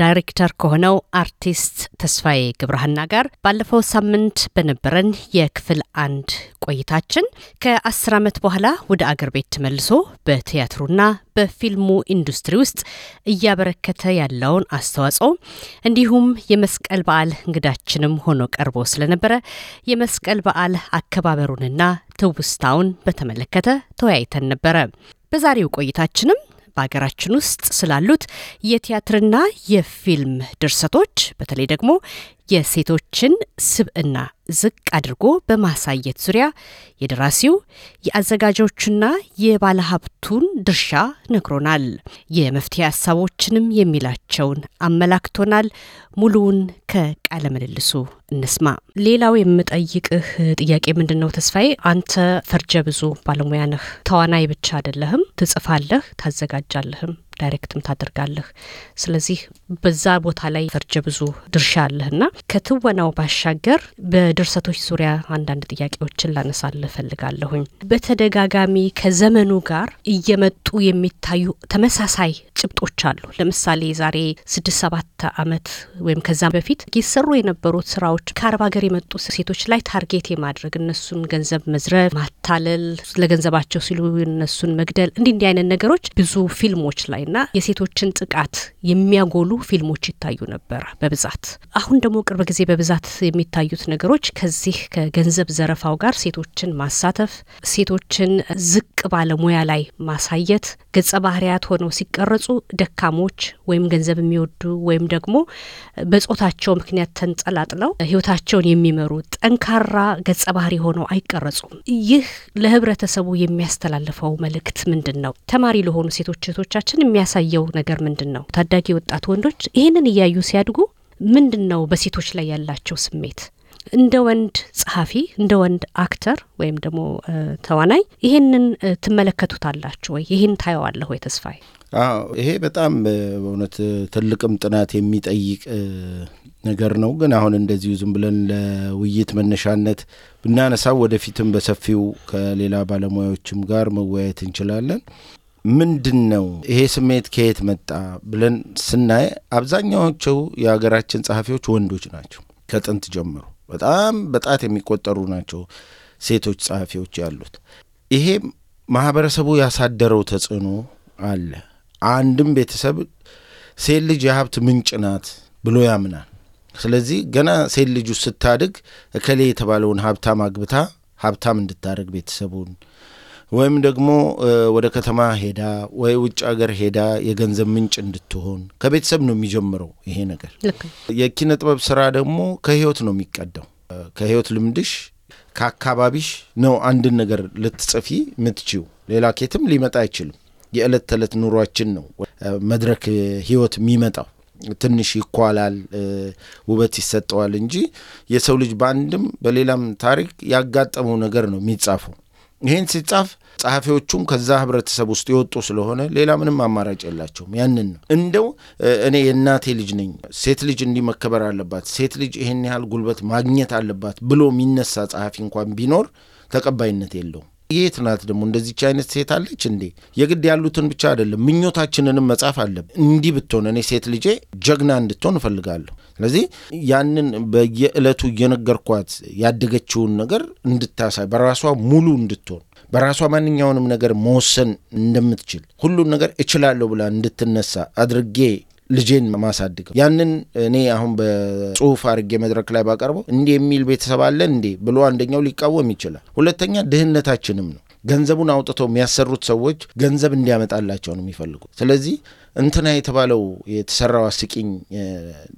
ዳይሬክተር ከሆነው አርቲስት ተስፋዬ ግብረሃና ጋር ባለፈው ሳምንት በነበረን የክፍል አንድ ቆይታችን ከአስር ዓመት በኋላ ወደ አገር ቤት ተመልሶ በቲያትሩና በፊልሙ ኢንዱስትሪ ውስጥ እያበረከተ ያለውን አስተዋጽኦ እንዲሁም የመስቀል በዓል እንግዳችንም ሆኖ ቀርቦ ስለነበረ የመስቀል በዓል አከባበሩንና ትውስታውን በተመለከተ ተወያይተን ነበረ። በዛሬው ቆይታችንም በሀገራችን ውስጥ ስላሉት የቲያትርና የፊልም ድርሰቶች በተለይ ደግሞ የሴቶችን ስብዕና ዝቅ አድርጎ በማሳየት ዙሪያ የደራሲው የአዘጋጆቹና የባለሀብቱን ድርሻ ነግሮናል። የመፍትሄ ሀሳቦችንም የሚላቸውን አመላክቶናል። ሙሉውን ከቃለ ምልልሱ እንስማ። ሌላው የምጠይቅህ ጥያቄ ምንድን ነው ተስፋዬ? አንተ ፈርጀ ብዙ ባለሙያ ነህ። ተዋናይ ብቻ አይደለህም፣ ትጽፋለህ፣ ታዘጋጃለህም ዳይሬክትም ታደርጋለህ። ስለዚህ በዛ ቦታ ላይ ፈርጀ ብዙ ድርሻ አለህ አለህና ከትወናው ባሻገር በድርሰቶች ዙሪያ አንዳንድ ጥያቄዎችን ላነሳልህ ፈልጋለሁኝ። በተደጋጋሚ ከዘመኑ ጋር እየመጡ የሚታዩ ተመሳሳይ ጭብጦች አሉ። ለምሳሌ ዛሬ ስድስት ሰባት አመት ወይም ከዛ በፊት ይሰሩ የነበሩት ስራዎች ከአረብ ሀገር የመጡ ሴቶች ላይ ታርጌት የማድረግ እነሱን ገንዘብ መዝረፍ፣ ማታለል፣ ለገንዘባቸው ሲሉ እነሱን መግደል እንዲህ እንዲህ አይነት ነገሮች ብዙ ፊልሞች ላይ ና የሴቶችን ጥቃት የሚያጎሉ ፊልሞች ይታዩ ነበር በብዛት። አሁን ደግሞ ቅርብ ጊዜ በብዛት የሚታዩት ነገሮች ከዚህ ከገንዘብ ዘረፋው ጋር ሴቶችን ማሳተፍ፣ ሴቶችን ዝቅ ባለሙያ ላይ ማሳየት፣ ገጸ ባህሪያት ሆነው ሲቀረጹ ደካሞች ወይም ገንዘብ የሚወዱ ወይም ደግሞ በጾታቸው ምክንያት ተንጠላጥለው ህይወታቸውን የሚመሩ ጠንካራ ገጸ ባህሪ ሆነው አይቀረጹም። ይህ ለህብረተሰቡ የሚያስተላልፈው መልእክት ምንድን ነው? ተማሪ ለሆኑ ሴቶች እህቶቻችን የሚያሳየው ነገር ምንድን ነው? ታዳጊ ወጣት ወንዶች ይህንን እያዩ ሲያድጉ ምንድን ነው በሴቶች ላይ ያላቸው ስሜት? እንደ ወንድ ጸሐፊ፣ እንደ ወንድ አክተር ወይም ደግሞ ተዋናይ ይህንን ትመለከቱታላችሁ ወይ? ይህን ታየዋለሁ ወይ? ተስፋዬ። አዎ ይሄ በጣም በእውነት ትልቅም ጥናት የሚጠይቅ ነገር ነው። ግን አሁን እንደዚሁ ዝም ብለን ለውይይት መነሻነት ብናነሳው ወደፊትም በሰፊው ከሌላ ባለሙያዎችም ጋር መወያየት እንችላለን። ምንድን ነው ይሄ ስሜት ከየት መጣ ብለን ስናይ አብዛኛዎቹ የሀገራችን ጸሐፊዎች ወንዶች ናቸው። ከጥንት ጀምሮ በጣም በጣት የሚቆጠሩ ናቸው ሴቶች ጸሐፊዎች ያሉት። ይሄ ማህበረሰቡ ያሳደረው ተጽዕኖ አለ። አንድም ቤተሰብ ሴት ልጅ የሀብት ምንጭ ናት ብሎ ያምናል። ስለዚህ ገና ሴት ልጁ ስታድግ እከሌ የተባለውን ሀብታም አግብታ ሀብታም እንድታደርግ ቤተሰቡን ወይም ደግሞ ወደ ከተማ ሄዳ ወይ ውጭ ሀገር ሄዳ የገንዘብ ምንጭ እንድትሆን ከቤተሰብ ነው የሚጀምረው ይሄ ነገር። የኪነ ጥበብ ስራ ደግሞ ከህይወት ነው የሚቀዳው። ከህይወት ልምድሽ ከአካባቢሽ ነው አንድን ነገር ልትጽፊ የምትችው። ሌላ ኬትም ሊመጣ አይችልም። የዕለት ተዕለት ኑሯችን ነው መድረክ ህይወት የሚመጣው። ትንሽ ይኳላል፣ ውበት ይሰጠዋል እንጂ የሰው ልጅ በአንድም በሌላም ታሪክ ያጋጠመው ነገር ነው የሚጻፈው። ይህን ሲጻፍ ጸሐፊዎቹም ከዛ ህብረተሰብ ውስጥ የወጡ ስለሆነ ሌላ ምንም አማራጭ የላቸውም። ያንን ነው እንደው እኔ የእናቴ ልጅ ነኝ፣ ሴት ልጅ እንዲህ መከበር አለባት፣ ሴት ልጅ ይህን ያህል ጉልበት ማግኘት አለባት ብሎ የሚነሳ ጸሐፊ እንኳን ቢኖር ተቀባይነት የለውም። የት ናት ደግሞ እንደዚች አይነት ሴት አለች እንዴ? የግድ ያሉትን ብቻ አይደለም ምኞታችንንም መጻፍ አለብን። እንዲህ ብትሆን እኔ ሴት ልጄ ጀግና እንድትሆን እፈልጋለሁ። ስለዚህ ያንን በየዕለቱ እየነገርኳት ያደገችውን ነገር እንድታሳይ በራሷ ሙሉ እንድትሆን በራሷ ማንኛውንም ነገር መወሰን እንደምትችል ሁሉን ነገር እችላለሁ ብላ እንድትነሳ አድርጌ ልጄን ማሳድገው ያንን እኔ አሁን በጽሁፍ አድርጌ መድረክ ላይ ባቀርበው እንዲህ የሚል ቤተሰብ አለን እንዴ ብሎ አንደኛው ሊቃወም ይችላል። ሁለተኛ ድህነታችንም ነው። ገንዘቡን አውጥተው የሚያሰሩት ሰዎች ገንዘብ እንዲያመጣላቸው ነው የሚፈልጉት። ስለዚህ እንትና የተባለው የተሰራው አስቂኝ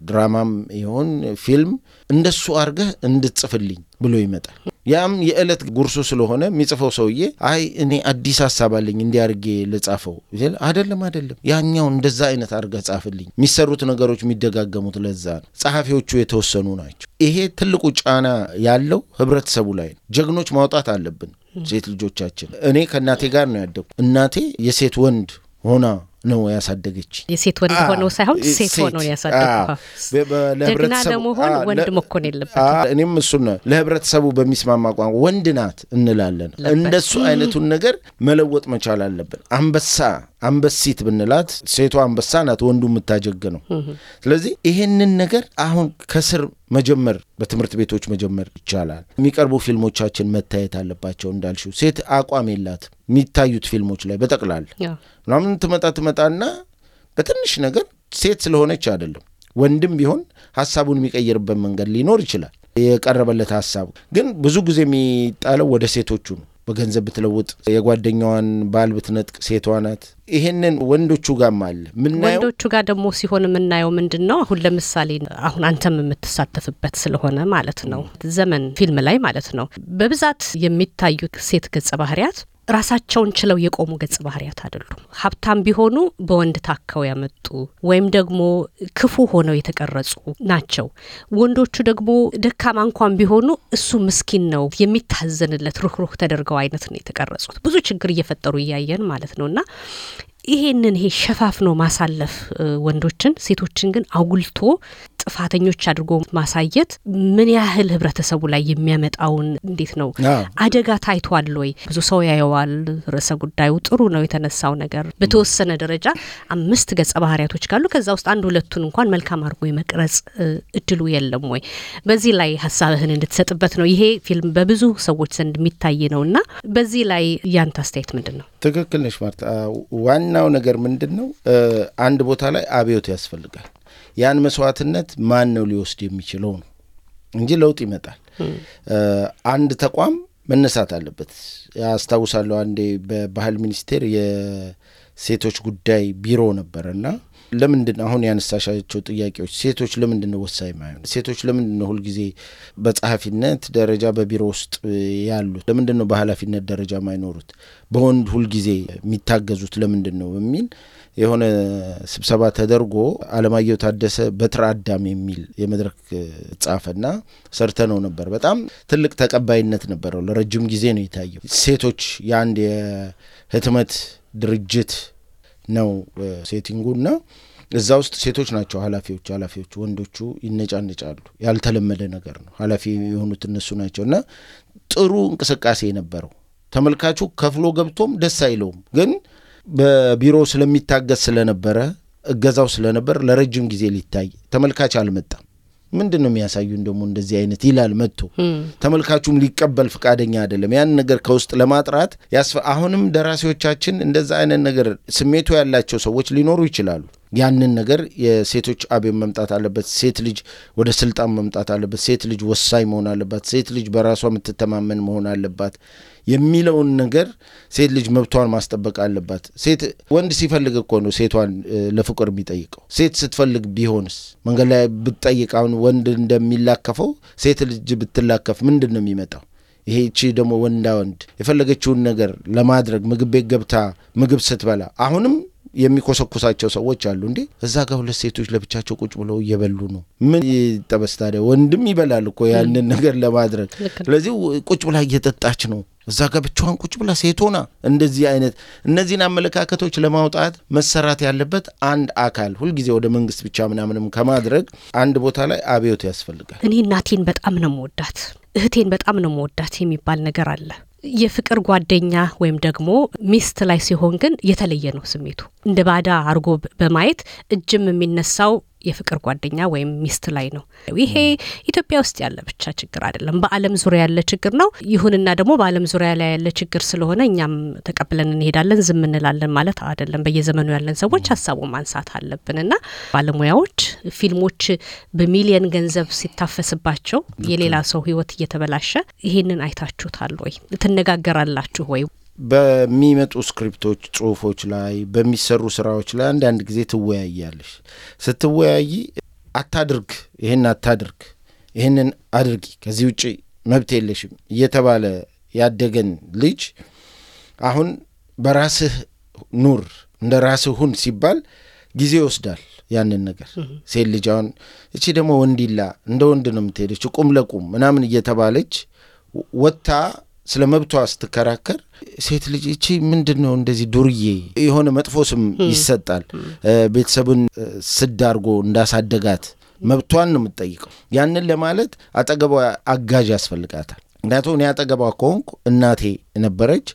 ድራማም ይሁን ፊልም እንደሱ አድርገህ እንድትጽፍልኝ ብሎ ይመጣል። ያም የዕለት ጉርሱ ስለሆነ የሚጽፈው ሰውዬ አይ እኔ አዲስ ሀሳብ አለኝ እንዲያርጌ ልጻፈው ይል አደለም፣ አደለም ያኛው እንደዛ አይነት አድርገህ ጻፍልኝ። የሚሰሩት ነገሮች የሚደጋገሙት ለዛ ነው። ጸሐፊዎቹ የተወሰኑ ናቸው። ይሄ ትልቁ ጫና ያለው ህብረተሰቡ ላይ ነው። ጀግኖች ማውጣት አለብን። ሴት ልጆቻችን እኔ ከእናቴ ጋር ነው ያደጉ። እናቴ የሴት ወንድ ሆና ነው ያሳደገች። የሴት ወንድ ሆነው ሳይሆን ሴት ሆነው ያሳደግና ለመሆን ወንድ መኮን የለበት። እኔም እሱ ነው ለህብረተሰቡ በሚስማማ ቋንቋ ወንድ ናት እንላለን። እንደሱ አይነቱን ነገር መለወጥ መቻል አለብን። አንበሳ አንበሲት ብንላት ሴቷ አንበሳ ናት፣ ወንዱ የምታጀግ ነው። ስለዚህ ይሄንን ነገር አሁን ከስር መጀመር በትምህርት ቤቶች መጀመር ይቻላል። የሚቀርቡ ፊልሞቻችን መታየት አለባቸው። እንዳልሽው ሴት አቋም የላት የሚታዩት ፊልሞች ላይ በጠቅላላ ምናምን ትመጣ ትመጣና በትንሽ ነገር ሴት ስለሆነች አይደለም ወንድም ቢሆን ሀሳቡን የሚቀይርበት መንገድ ሊኖር ይችላል። የቀረበለት ሀሳብ ግን ብዙ ጊዜ የሚጣለው ወደ ሴቶቹ ነው። በገንዘብ ብትለውጥ፣ የጓደኛዋን ባል ብትነጥቅ ሴቷ ናት። ይሄንን ወንዶቹ ጋር አለ ምናየው። ወንዶቹ ጋር ደግሞ ሲሆን የምናየው ምንድን ነው? አሁን ለምሳሌ አሁን አንተም የምትሳተፍበት ስለሆነ ማለት ነው፣ ዘመን ፊልም ላይ ማለት ነው በብዛት የሚታዩ ሴት ገጸ ባህሪያት ራሳቸውን ችለው የቆሙ ገጽ ባህሪያት አይደሉም። ሀብታም ቢሆኑ በወንድ ታከው ያመጡ ወይም ደግሞ ክፉ ሆነው የተቀረጹ ናቸው። ወንዶቹ ደግሞ ደካማ እንኳን ቢሆኑ እሱ ምስኪን ነው የሚታዘንለት ሩህሩህ ተደርገው አይነት ነው የተቀረጹት። ብዙ ችግር እየፈጠሩ እያየን ማለት ነው እና ይሄንን ይሄ ሸፋፍኖ ማሳለፍ ወንዶችን፣ ሴቶችን ግን አጉልቶ ጥፋተኞች አድርጎ ማሳየት ምን ያህል ህብረተሰቡ ላይ የሚያመጣውን እንዴት ነው አደጋ ታይቷል ወይ? ብዙ ሰው ያየዋል። ርዕሰ ጉዳዩ ጥሩ ነው የተነሳው ነገር በተወሰነ ደረጃ አምስት ገጸ ባህሪያቶች ካሉ ከዛ ውስጥ አንድ ሁለቱን እንኳን መልካም አድርጎ የመቅረጽ እድሉ የለም ወይ? በዚህ ላይ ሀሳብህን እንድትሰጥበት ነው። ይሄ ፊልም በብዙ ሰዎች ዘንድ የሚታይ ነው እና በዚህ ላይ ያንተ አስተያየት ምንድን ነው? ትክክል ነሽ ማርታ። ዋናው ነገር ምንድን ነው? አንድ ቦታ ላይ አብዮት ያስፈልጋል። ያን መስዋዕትነት ማን ነው ሊወስድ የሚችለው ነው እንጂ ለውጥ ይመጣል። አንድ ተቋም መነሳት አለበት። አስታውሳለሁ አንዴ በባህል ሚኒስቴር የሴቶች ጉዳይ ቢሮ ነበረና ለምንድን አሁን ያነሳሻቸው ጥያቄዎች ሴቶች ለምንድን ነው ወሳኝ የማይሆን? ሴቶች ለምንድን ነው ሁልጊዜ በጸሐፊነት ደረጃ በቢሮ ውስጥ ያሉት? ለምንድን ነው በኃላፊነት ደረጃ የማይኖሩት? በወንድ ሁልጊዜ የሚታገዙት ለምንድን ነው በሚል የሆነ ስብሰባ ተደርጎ አለማየሁ ታደሰ በትረ አዳም የሚል የመድረክ ጻፈና ሰርተ ነው ነበር። በጣም ትልቅ ተቀባይነት ነበረው። ለረጅም ጊዜ ነው የታየው። ሴቶች የአንድ የህትመት ድርጅት ነው ሴቲንጉ እና እዛ ውስጥ ሴቶች ናቸው ኃላፊዎቹ ኃላፊዎቹ ወንዶቹ ይነጫነጫሉ። ያልተለመደ ነገር ነው። ኃላፊ የሆኑት እነሱ ናቸው እና ጥሩ እንቅስቃሴ የነበረው ተመልካቹ ከፍሎ ገብቶም ደስ አይለውም፣ ግን በቢሮ ስለሚታገዝ ስለነበረ እገዛው ስለነበር ለረጅም ጊዜ ሊታይ ተመልካች አልመጣም። ምንድን ነው የሚያሳዩን ደግሞ እንደዚህ አይነት ይላል መጥቶ ተመልካቹም ሊቀበል ፈቃደኛ አይደለም። ያን ነገር ከውስጥ ለማጥራት ያስፈ አሁንም ደራሲዎቻችን እንደዛ አይነት ነገር ስሜቱ ያላቸው ሰዎች ሊኖሩ ይችላሉ። ያንን ነገር የሴቶች አብዮት መምጣት አለበት። ሴት ልጅ ወደ ስልጣን መምጣት አለበት። ሴት ልጅ ወሳኝ መሆን አለባት። ሴት ልጅ በራሷ የምትተማመን መሆን አለባት የሚለውን ነገር ሴት ልጅ መብቷን ማስጠበቅ አለባት። ሴት ወንድ ሲፈልግ እኮ ነው ሴቷን ለፍቅር የሚጠይቀው። ሴት ስትፈልግ ቢሆንስ መንገድ ላይ ብትጠይቅ፣ አሁን ወንድ እንደሚላከፈው ሴት ልጅ ብትላከፍ ምንድን ነው የሚመጣው? ይሄ እቺ ደግሞ ወንዳ ወንድ የፈለገችውን ነገር ለማድረግ ምግብ ቤት ገብታ ምግብ ስትበላ አሁንም የሚኮሰኩሳቸው ሰዎች አሉ። እንዴ እዛ ጋ ሁለት ሴቶች ለብቻቸው ቁጭ ብለው እየበሉ ነው። ምን ይጠበስ ታዲያ? ወንድም ይበላል እኮ ያንን ነገር ለማድረግ። ስለዚህ ቁጭ ብላ እየጠጣች ነው እዛ ጋ ብቻዋን ቁጭ ብላ ሴቶና እንደዚህ አይነት እነዚህን አመለካከቶች ለማውጣት መሰራት ያለበት አንድ አካል ሁልጊዜ ወደ መንግስት ብቻ ምናምንም ከማድረግ አንድ ቦታ ላይ አብዮት ያስፈልጋል። እኔ እናቴን በጣም ነው መወዳት፣ እህቴን በጣም ነው መወዳት የሚባል ነገር አለ የፍቅር ጓደኛ ወይም ደግሞ ሚስት ላይ ሲሆን ግን የተለየ ነው ስሜቱ። እንደ ባዳ አርጎ በማየት እጅም የሚነሳው የፍቅር ጓደኛ ወይም ሚስት ላይ ነው። ይሄ ኢትዮጵያ ውስጥ ያለ ብቻ ችግር አይደለም፣ በዓለም ዙሪያ ያለ ችግር ነው። ይሁንና ደግሞ በዓለም ዙሪያ ላይ ያለ ችግር ስለሆነ እኛም ተቀብለን እንሄዳለን፣ ዝም እንላለን ማለት አይደለም። በየዘመኑ ያለን ሰዎች ሀሳቡ ማንሳት አለብን እና ባለሙያዎች ፊልሞች በሚሊየን ገንዘብ ሲታፈስባቸው የሌላ ሰው ህይወት እየተበላሸ ይሄንን አይታችሁታል ወይ? ትነጋገራላችሁ ወይ? በሚመጡ ስክሪፕቶች፣ ጽሁፎች ላይ በሚሰሩ ስራዎች ላይ አንዳንድ ጊዜ ትወያያለሽ። ስትወያይ አታድርግ፣ ይህን አታድርግ፣ ይህንን አድርጊ፣ ከዚህ ውጭ መብት የለሽም እየተባለ ያደገን ልጅ አሁን በራስህ ኑር፣ እንደ ራስህ ሁን ሲባል ጊዜ ይወስዳል ያንን ነገር ሴት ልጅ አሁን እቺ ደግሞ ወንዲላ እንደ ወንድ ነው የምትሄደች ቁም ለቁም ምናምን እየተባለች ወጥታ ስለ መብቷ ስትከራከር ሴት ልጅ እቺ ምንድን ነው እንደዚህ ዱርዬ የሆነ መጥፎ ስም ይሰጣል። ቤተሰብን ስድ እንዳሳደጋት መብቷን ነው የምትጠይቀው። ያንን ለማለት አጠገቧ አጋዥ ያስፈልጋታል። ምክንያቱም እኔ አጠገቧ ከሆንኩ እናቴ ነበረች፣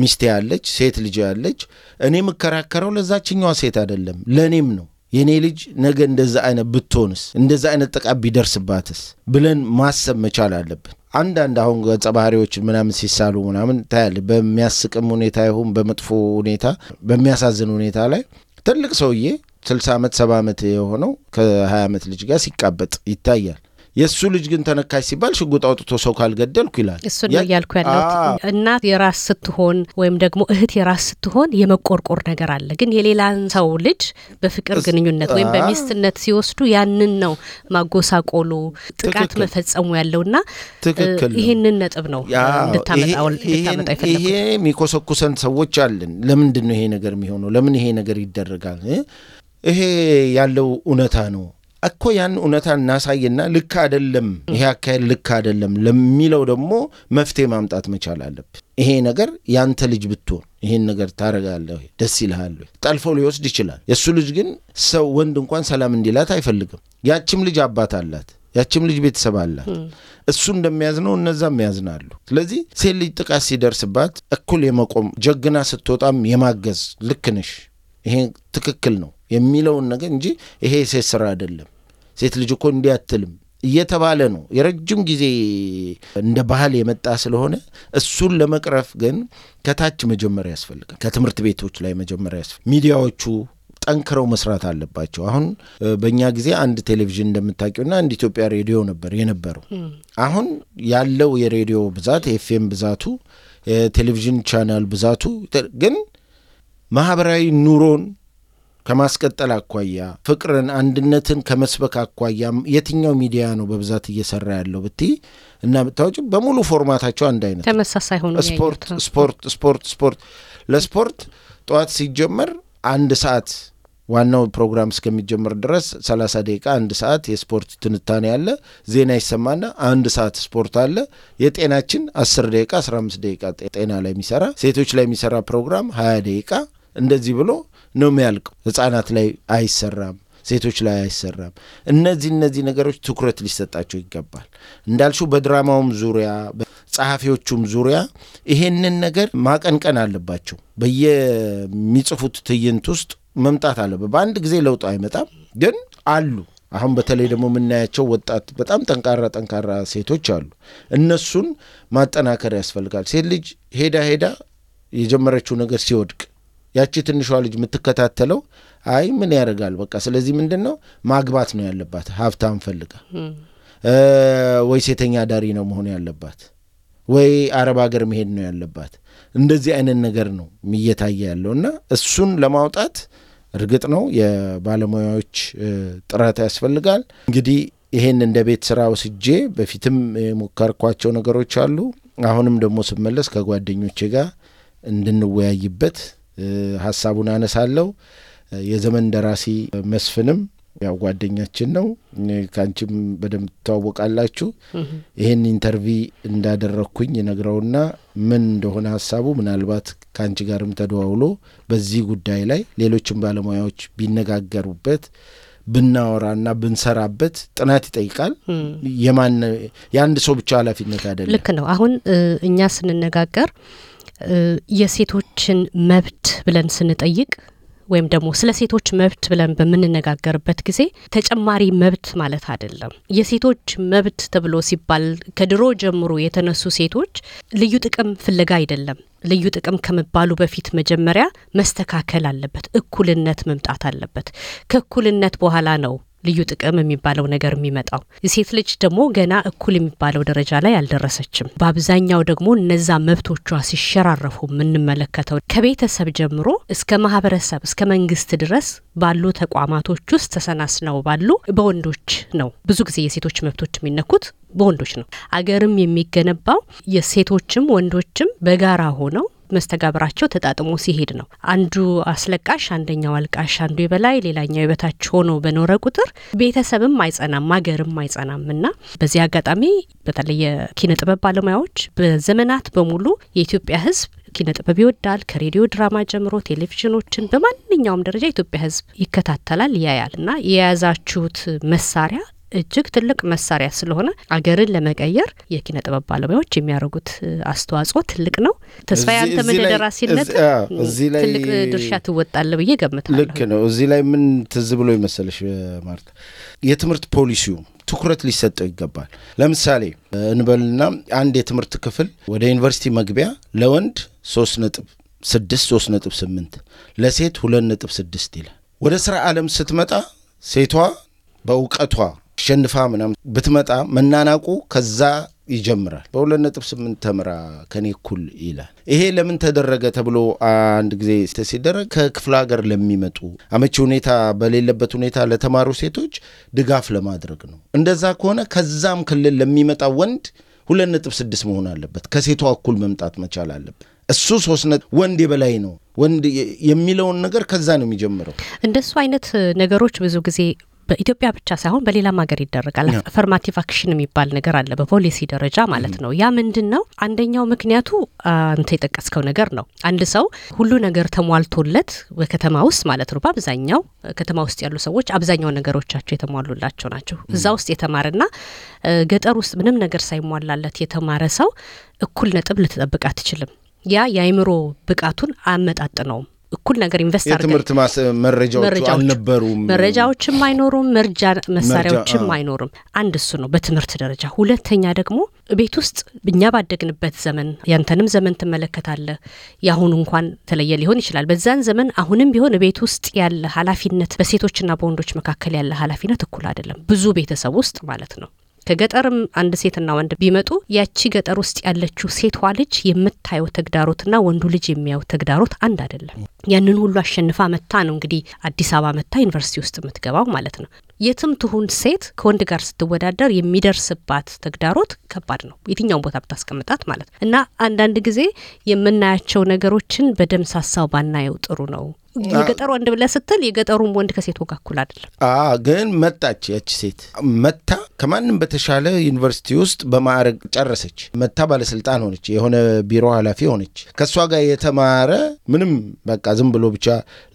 ሚስቴ ያለች፣ ሴት ልጅ ያለች። እኔ የምከራከረው ለዛችኛዋ ሴት አይደለም፣ ለእኔም ነው። የእኔ ልጅ ነገ እንደዛ አይነት ብትሆንስ፣ እንደዛ አይነት ጥቃት ቢደርስባትስ ብለን ማሰብ መቻል አለብን። አንዳንድ አሁን ገጸ ባህሪዎች ምናምን ሲሳሉ ምናምን ታያል። በሚያስቅም ሁኔታ ይሁን በመጥፎ ሁኔታ በሚያሳዝን ሁኔታ ላይ ትልቅ ሰውዬ 60 ዓመት ሰባ ዓመት የሆነው ከ ዓመት ልጅ ጋር ሲቃበጥ ይታያል። የእሱ ልጅ ግን ተነካች ሲባል ሽጉጥ አውጥቶ ሰው ካልገደልኩ ይላል። እሱ ነው እያልኩ ያለሁት። እናት የራስ ስትሆን ወይም ደግሞ እህት የራስ ስትሆን የመቆርቆር ነገር አለ። ግን የሌላን ሰው ልጅ በፍቅር ግንኙነት ወይም በሚስትነት ሲወስዱ ያንን ነው ማጎሳቆሉ፣ ጥቃት መፈጸሙ ያለውና ትክክል። ይህንን ነጥብ ነው እንድታመጣ ይሄ የሚኮሰኩሰን ሰዎች አለን። ለምንድን ነው ይሄ ነገር የሚሆነው? ለምን ይሄ ነገር ይደረጋል? ይሄ ያለው እውነታ ነው እኮ ያን እውነታ እናሳይና ልክ አይደለም ይሄ አካሄድ ልክ አይደለም ለሚለው ደግሞ መፍትሄ ማምጣት መቻል አለብን። ይሄ ነገር ያንተ ልጅ ብትሆን ይሄን ነገር ታረጋለህ፣ ደስ ይልሃል። ጠልፎ ሊወስድ ይችላል። የእሱ ልጅ ግን ሰው ወንድ እንኳን ሰላም እንዲላት አይፈልግም። ያችም ልጅ አባት አላት፣ ያችም ልጅ ቤተሰብ አላት። እሱ እንደሚያዝነው እነዛም ያዝናሉ። ስለዚህ ሴት ልጅ ጥቃት ሲደርስባት እኩል የመቆም ጀግና ስትወጣም የማገዝ ልክ ነሽ፣ ይሄ ትክክል ነው የሚለውን ነገር እንጂ ይሄ ሴት ስራ አይደለም ሴት ልጅ እኮ እንዲህ አትልም እየተባለ ነው። የረጅም ጊዜ እንደ ባህል የመጣ ስለሆነ እሱን ለመቅረፍ ግን ከታች መጀመር ያስፈልጋል። ከትምህርት ቤቶች ላይ መጀመር ያስፈልጋል። ሚዲያዎቹ ጠንክረው መስራት አለባቸው። አሁን በእኛ ጊዜ አንድ ቴሌቪዥን እንደምታውቂውና አንድ ኢትዮጵያ ሬዲዮ ነበር የነበረው። አሁን ያለው የሬዲዮ ብዛት የኤፍኤም ብዛቱ፣ የቴሌቪዥን ቻናል ብዛቱ ግን ማህበራዊ ኑሮን ከማስቀጠል አኳያ ፍቅርን፣ አንድነትን ከመስበክ አኳያ የትኛው ሚዲያ ነው በብዛት እየሰራ ያለው ብቲ እና ብታወጭ በሙሉ ፎርማታቸው አንድ አይነት ተመሳሳይ ሆኖ ስፖርት ስፖርት ስፖርት ስፖርት ለስፖርት ጠዋት ሲጀመር አንድ ሰዓት ዋናው ፕሮግራም እስከሚጀምር ድረስ 30 ደቂቃ አንድ ሰዓት የስፖርት ትንታኔ አለ። ዜና ይሰማና አንድ ሰዓት ስፖርት አለ። የጤናችን 10 ደቂቃ 15 ደቂቃ ጤና ላይ የሚሰራ ሴቶች ላይ የሚሰራ ፕሮግራም 20 ደቂቃ እንደዚህ ብሎ ነው የሚያልቀው። ህጻናት ላይ አይሰራም፣ ሴቶች ላይ አይሰራም። እነዚህ እነዚህ ነገሮች ትኩረት ሊሰጣቸው ይገባል። እንዳልሹ በድራማውም ዙሪያ ጸሐፊዎቹም ዙሪያ ይሄንን ነገር ማቀንቀን አለባቸው። በየሚጽፉት ትዕይንት ውስጥ መምጣት አለበት። በአንድ ጊዜ ለውጥ አይመጣም፣ ግን አሉ። አሁን በተለይ ደግሞ የምናያቸው ወጣት በጣም ጠንካራ ጠንካራ ሴቶች አሉ። እነሱን ማጠናከር ያስፈልጋል። ሴት ልጅ ሄዳ ሄዳ የጀመረችው ነገር ሲወድቅ ያቺ ትንሿ ልጅ የምትከታተለው አይ ምን ያደርጋል በቃ። ስለዚህ ምንድን ነው ማግባት ነው ያለባት፣ ሀብታም ፈልጋ ወይ ሴተኛ ዳሪ ነው መሆን ያለባት፣ ወይ አረብ ሀገር መሄድ ነው ያለባት። እንደዚህ አይነት ነገር ነው እየታየ ያለው እና እሱን ለማውጣት እርግጥ ነው የባለሙያዎች ጥረት ያስፈልጋል። እንግዲህ ይሄን እንደ ቤት ስራ ወስጄ በፊትም የሞከርኳቸው ነገሮች አሉ። አሁንም ደግሞ ስመለስ ከጓደኞቼ ጋር እንድንወያይበት ሀሳቡን አነሳለሁ። የዘመን ደራሲ መስፍንም ያው ጓደኛችን ነው፣ ከአንቺም በደንብ ትተዋወቃላችሁ። ይህን ኢንተርቪ እንዳደረግኩኝ ነግረውና ምን እንደሆነ ሀሳቡ ምናልባት ከአንቺ ጋርም ተደዋውሎ በዚህ ጉዳይ ላይ ሌሎችም ባለሙያዎች ቢነጋገሩበት ብናወራና ብንሰራበት ጥናት ይጠይቃል። የማን የአንድ ሰው ብቻ ኃላፊነት አይደለም። ልክ ነው። አሁን እኛ ስንነጋገር የሴቶችን መብት ብለን ስንጠይቅ ወይም ደግሞ ስለ ሴቶች መብት ብለን በምንነጋገርበት ጊዜ ተጨማሪ መብት ማለት አይደለም። የሴቶች መብት ተብሎ ሲባል ከድሮ ጀምሮ የተነሱ ሴቶች ልዩ ጥቅም ፍለጋ አይደለም። ልዩ ጥቅም ከመባሉ በፊት መጀመሪያ መስተካከል አለበት፣ እኩልነት መምጣት አለበት። ከእኩልነት በኋላ ነው ልዩ ጥቅም የሚባለው ነገር የሚመጣው። የሴት ልጅ ደግሞ ገና እኩል የሚባለው ደረጃ ላይ አልደረሰችም። በአብዛኛው ደግሞ እነዛ መብቶቿ ሲሸራረፉ የምንመለከተው ከቤተሰብ ጀምሮ እስከ ማህበረሰብ እስከ መንግስት ድረስ ባሉ ተቋማቶች ውስጥ ተሰናስነው ባሉ በወንዶች ነው። ብዙ ጊዜ የሴቶች መብቶች የሚነኩት በወንዶች ነው። አገርም የሚገነባው የሴቶችም ወንዶችም በጋራ ሆነው መስተጋብራቸው ተጣጥሞ ሲሄድ ነው። አንዱ አስለቃሽ፣ አንደኛው አልቃሽ፣ አንዱ የበላይ ሌላኛው የበታች ሆኖ በኖረ ቁጥር ቤተሰብም አይጸናም፣ ሀገርም አይጸናም እና በዚህ አጋጣሚ በተለይ የኪነ ጥበብ ባለሙያዎች በዘመናት በሙሉ የኢትዮጵያ ሕዝብ ኪነ ጥበብ ይወዳል። ከሬዲዮ ድራማ ጀምሮ ቴሌቪዥኖችን በማንኛውም ደረጃ ኢትዮጵያ ሕዝብ ይከታተላል፣ ያያል እና የያዛችሁት መሳሪያ እጅግ ትልቅ መሳሪያ ስለሆነ አገርን ለመቀየር የኪነ ጥበብ ባለሙያዎች የሚያደርጉት አስተዋጽኦ ትልቅ ነው። ተስፋ ያንተ መደራሲነት ትልቅ ድርሻ ትወጣለ ብዬ ገምታለሁ። ልክ ነው። እዚህ ላይ ምን ትዝ ብሎ ይመሰለሽ ማርታ፣ የትምህርት ፖሊሲው ትኩረት ሊሰጠው ይገባል። ለምሳሌ እንበልና አንድ የትምህርት ክፍል ወደ ዩኒቨርሲቲ መግቢያ ለወንድ ሶስት ነጥብ ስድስት ሶስት ነጥብ ስምንት ለሴት ሁለት ነጥብ ስድስት ይላል። ወደ ስራ ዓለም ስትመጣ ሴቷ በእውቀቷ አሸንፋ ምናምን ብትመጣ መናናቁ ከዛ ይጀምራል። በሁለት ነጥብ ስምንት ተምራ ከኔ እኩል ይላል። ይሄ ለምን ተደረገ ተብሎ አንድ ጊዜ ሲደረግ ከክፍለ ሀገር ለሚመጡ አመቺ ሁኔታ በሌለበት ሁኔታ ለተማሩ ሴቶች ድጋፍ ለማድረግ ነው። እንደዛ ከሆነ ከዛም ክልል ለሚመጣ ወንድ ሁለት ነጥብ ስድስት መሆን አለበት። ከሴቷ እኩል መምጣት መቻል አለበት። እሱ ሶስት ነጥብ ወንድ የበላይ ነው ወንድ የሚለውን ነገር ከዛ ነው የሚጀምረው። እንደሱ አይነት ነገሮች ብዙ ጊዜ በኢትዮጵያ ብቻ ሳይሆን በሌላም ሀገር ይደረጋል። አፈርማቲቭ አክሽን የሚባል ነገር አለ በፖሊሲ ደረጃ ማለት ነው። ያ ምንድን ነው? አንደኛው ምክንያቱ አንተ የጠቀስከው ነገር ነው። አንድ ሰው ሁሉ ነገር ተሟልቶለት በከተማ ውስጥ ማለት ነው፣ በአብዛኛው ከተማ ውስጥ ያሉ ሰዎች አብዛኛው ነገሮቻቸው የተሟሉላቸው ናቸው። እዛ ውስጥ የተማረና ገጠር ውስጥ ምንም ነገር ሳይሟላለት የተማረ ሰው እኩል ነጥብ ልትጠብቅ አትችልም። ያ የአይምሮ ብቃቱን አያመጣጥነውም። እኩል ነገር ኢንቨስት የትምህርት መረጃዎች አልነበሩም፣ መረጃዎችም አይኖሩም፣ መርጃ መሳሪያዎችም አይኖሩም። አንድ እሱ ነው በትምህርት ደረጃ። ሁለተኛ ደግሞ ቤት ውስጥ እኛ ባደግንበት ዘመን ያንተንም ዘመን ትመለከታለህ። የአሁኑ እንኳን ተለየ ሊሆን ይችላል። በዛን ዘመን አሁንም ቢሆን ቤት ውስጥ ያለ ኃላፊነት በሴቶችና በወንዶች መካከል ያለ ኃላፊነት እኩል አይደለም፣ ብዙ ቤተሰብ ውስጥ ማለት ነው። ከገጠርም አንድ ሴትና ወንድ ቢመጡ ያቺ ገጠር ውስጥ ያለችው ሴቷ ልጅ የምታየው ተግዳሮትና ወንዱ ልጅ የሚያየው ተግዳሮት አንድ አይደለም። ያንን ሁሉ አሸንፋ መታ ነው እንግዲህ አዲስ አበባ መታ ዩኒቨርሲቲ ውስጥ የምትገባው ማለት ነው። የትም ትሁን ሴት ከወንድ ጋር ስትወዳደር የሚደርስባት ተግዳሮት ከባድ ነው፣ የትኛውን ቦታ ብታስቀምጣት ማለት ነው። እና አንዳንድ ጊዜ የምናያቸው ነገሮችን በደም ባናየው ጥሩ ነው። የገጠር ወንድ ብለህ ስትል የገጠሩም ወንድ ከሴት ወጋ እኩል አይደለም። ግን መጣች ያቺ ሴት መታ ከማንም በተሻለ ዩኒቨርሲቲ ውስጥ በማዕረግ ጨረሰች። መታ ባለስልጣን ሆነች፣ የሆነ ቢሮ ኃላፊ ሆነች። ከእሷ ጋር የተማረ ምንም በቃ ዝም ብሎ ብቻ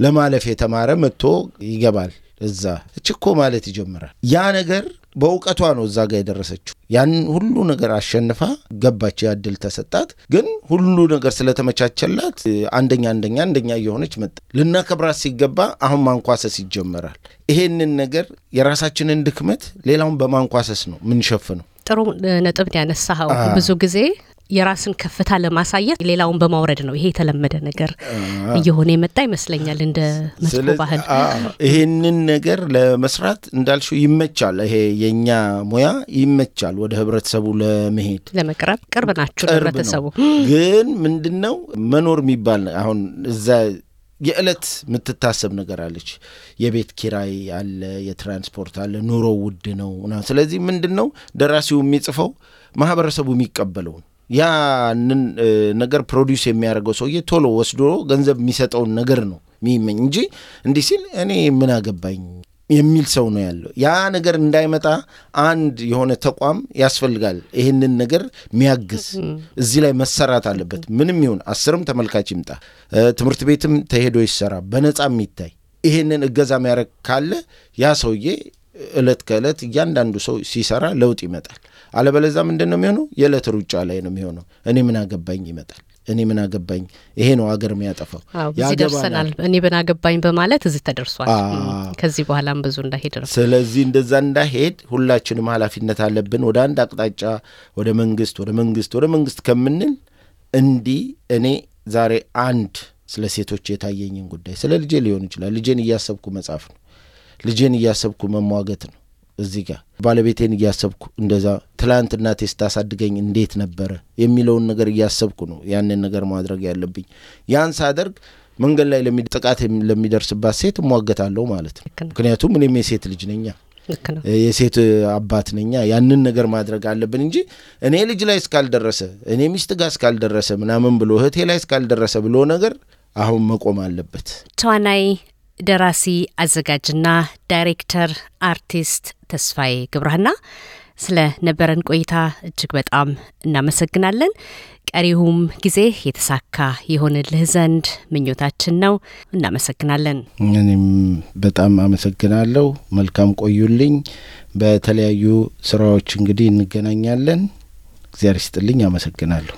ለማለፍ የተማረ መጥቶ ይገባል እዛ እችኮ ማለት ይጀምራል። ያ ነገር በእውቀቷ ነው እዛ ጋር የደረሰችው። ያን ሁሉ ነገር አሸንፋ ገባች። ያድል ተሰጣት። ግን ሁሉ ነገር ስለተመቻቸላት አንደኛ አንደኛ አንደኛ እየሆነች መጣ። ልናከብራት ሲገባ አሁን ማንኳሰስ ይጀመራል። ይሄንን ነገር የራሳችንን ድክመት ሌላውን በማንኳሰስ ነው ምንሸፍነው። ጥሩ ነጥብ ያነሳኸው። ብዙ ጊዜ የራስን ከፍታ ለማሳየት ሌላውን በማውረድ ነው። ይሄ የተለመደ ነገር እየሆነ የመጣ ይመስለኛል እንደ መጥፎ ባህል። ይሄንን ነገር ለመስራት እንዳልሽው ይመቻል። ይሄ የእኛ ሙያ ይመቻል፣ ወደ ህብረተሰቡ ለመሄድ ለመቅረብ ቅርብ ናቸው ህብረተሰቡ። ግን ምንድን ነው መኖር የሚባል አሁን እዛ የዕለት የምትታሰብ ነገር አለች። የቤት ኪራይ አለ፣ የትራንስፖርት አለ፣ ኑሮ ውድ ነው። ስለዚህ ምንድን ነው ደራሲው የሚጽፈው ማህበረሰቡ የሚቀበለውን ያንን ነገር ፕሮዲውስ የሚያደርገው ሰውዬ ቶሎ ወስዶ ገንዘብ የሚሰጠውን ነገር ነው የሚመኝ እንጂ እንዲህ ሲል እኔ ምን አገባኝ የሚል ሰው ነው ያለው። ያ ነገር እንዳይመጣ አንድ የሆነ ተቋም ያስፈልጋል፣ ይህንን ነገር ሚያግዝ እዚህ ላይ መሰራት አለበት። ምንም ይሁን አስርም ተመልካች ይምጣ፣ ትምህርት ቤትም ተሄዶ ይሰራ፣ በነጻ የሚታይ ይህንን እገዛ የሚያደርግ ካለ ያ ሰውዬ እለት ከእለት እያንዳንዱ ሰው ሲሰራ ለውጥ ይመጣል። አለበለዛ ምንድን ነው የሚሆነው? የዕለት ሩጫ ላይ ነው የሚሆነው። እኔ ምን አገባኝ ይመጣል። እኔ ምን አገባኝ። ይሄ ነው አገር የሚያጠፋው። ደርሰናል። እኔ ምን አገባኝ በማለት እዚህ ተደርሷል። ከዚህ በኋላም ብዙ እንዳሄድ ነው። ስለዚህ እንደዛ እንዳሄድ ሁላችንም ኃላፊነት አለብን። ወደ አንድ አቅጣጫ ወደ መንግስት ወደ መንግስት ወደ መንግስት ከምንል እንዲህ እኔ ዛሬ አንድ ስለ ሴቶች የታየኝን ጉዳይ ስለ ልጄ ሊሆን ይችላል። ልጄን እያሰብኩ መጻፍ ነው። ልጄን እያሰብኩ መሟገት ነው። እዚህ ጋር ባለቤቴን እያሰብኩ እንደዛ ትላንት እናቴ ስታሳድገኝ እንዴት ነበረ የሚለውን ነገር እያሰብኩ ነው ያንን ነገር ማድረግ ያለብኝ። ያን ሳደርግ መንገድ ላይ ጥቃት ለሚደርስባት ሴት እሟገታለሁ ማለት ነው። ምክንያቱም እኔም የሴት ልጅ ነኛ፣ የሴት አባት ነኛ። ያንን ነገር ማድረግ አለብን እንጂ እኔ ልጅ ላይ እስካልደረሰ፣ እኔ ሚስት ጋር እስካልደረሰ ምናምን ብሎ እህቴ ላይ እስካልደረሰ ብሎ ነገር አሁን መቆም አለበት። ተዋናይ ደራሲ አዘጋጅና ዳይሬክተር አርቲስት ተስፋዬ ግብረሃና ስለ ነበረን ቆይታ እጅግ በጣም እናመሰግናለን። ቀሪውም ጊዜ የተሳካ የሆንልህ ዘንድ ምኞታችን ነው። እናመሰግናለን። እኔም በጣም አመሰግናለሁ። መልካም ቆዩልኝ። በተለያዩ ስራዎች እንግዲህ እንገናኛለን። እግዚአብሔር ይስጥልኝ። አመሰግናለሁ።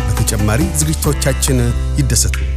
ተጨማሪ ዝግጅቶቻችን ይደሰቱ።